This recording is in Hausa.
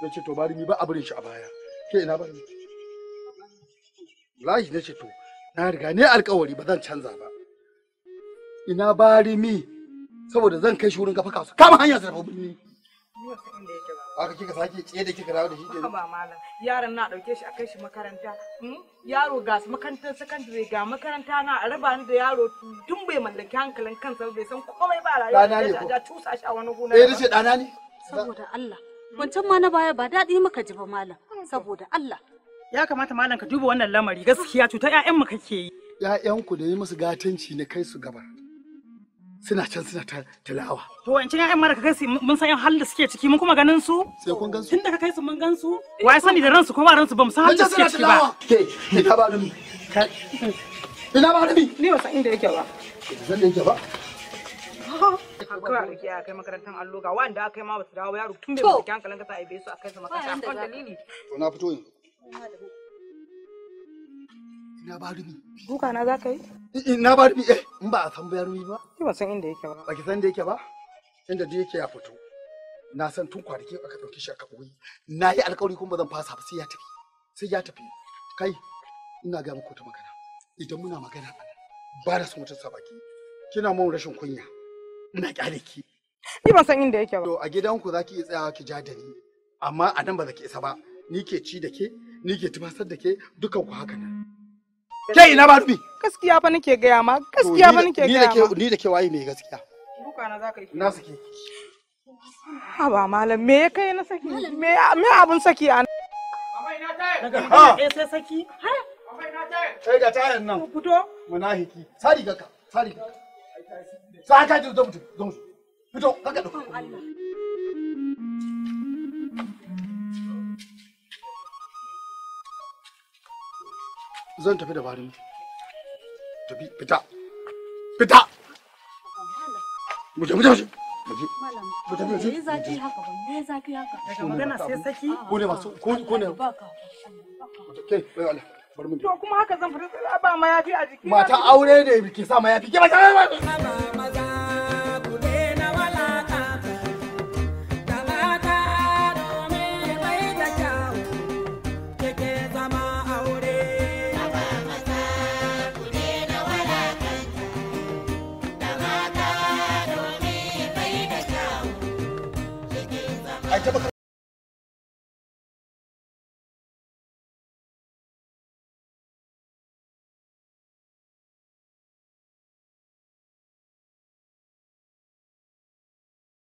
na ce to bari ni ba a burin shi a baya ke ina bari wallahi na ce to na riga ne alkawari ba zan canza ba ina bari mi saboda zan kai shi wurin kafa kasu kama hanya sarfa ni haka kika sake tsaye da kika dawo da shi ke ba malam yaron na dauke shi a kai shi makaranta hmm? yaro ga makarantar secondary ga makaranta na a raba ni da yaro tun bai mallaki hankalin kansa bai san komai ba rayuwa da da tusa shi a wani gona eh dace dana ne saboda Allah wancan ma na baya ba daɗi maka ji ba malam saboda Allah ya kamata malam ka duba wannan lamari gaskiya cutar ƴaƴan mu kake yi ƴaƴan ku da yi musu gatanci ne kai su gaba suna can suna talawa to wancan ƴaƴan mara ka kai su mun san ƴan da suke ciki mun kuma ganin su sai kun gan su tunda ka kai su mun gan su wai sani da ransu ko ba ransu ba mu san halin da suke ciki ba ke ina ba ni ina ba ni ni ba san inda yake ba zan da yake ba haka kawai a rike a kai makarantar allo ga wanda aka yi ma ba su dawo yaro tun bai ba kyan kasa a ibe su a kai su makaranta kan dalili to na fito yanzu ina ba rubi duka na za ka yi ina ba rubi eh in ba a san ba rubi ba ki ba san inda yake ba ba ki san da yake ba inda da yake ya fito na san tun kwanaki aka dauki shi aka koyi na yi alkawari kuma zan fasa ba sai ya tafi sai ya tafi kai ina ga muku ta magana idan muna magana ba da su mutunta baki kina mun rashin kunya ina kyale ki ni ban san inda yake ba to a gidanku zaki iya tsayawa ki ja da ni amma a nan ba za ki isa ba ni ke ci da ke ni ke tubasar da ke dukan ku haka nan ke ina ba dubi gaskiya fa nake gaya ma gaskiya fa nake gaya ma ni da ke waye ne gaskiya duka na zaka yi na saki haba malam me ya kai na saki me me abun saki an? Mama ina tayar. Daga ha. eh sai saki. Ha? Mama ina tayar. Sai ga tayar nan. Ku Fito. Munafiki. Sari gaka. Sari gaka. Sa ka ji zo mutum zo Fito ka ga Zan tafi da Tafi fita. Fita. Mu je mu haka ba, haka. Daga magana sai saki. Ko ne masu, ko ne. Ba ka. bai To kuma haka zan fita ba mayafi a jiki. Mata aure da ke sa mayafi ke mata. Maza aure.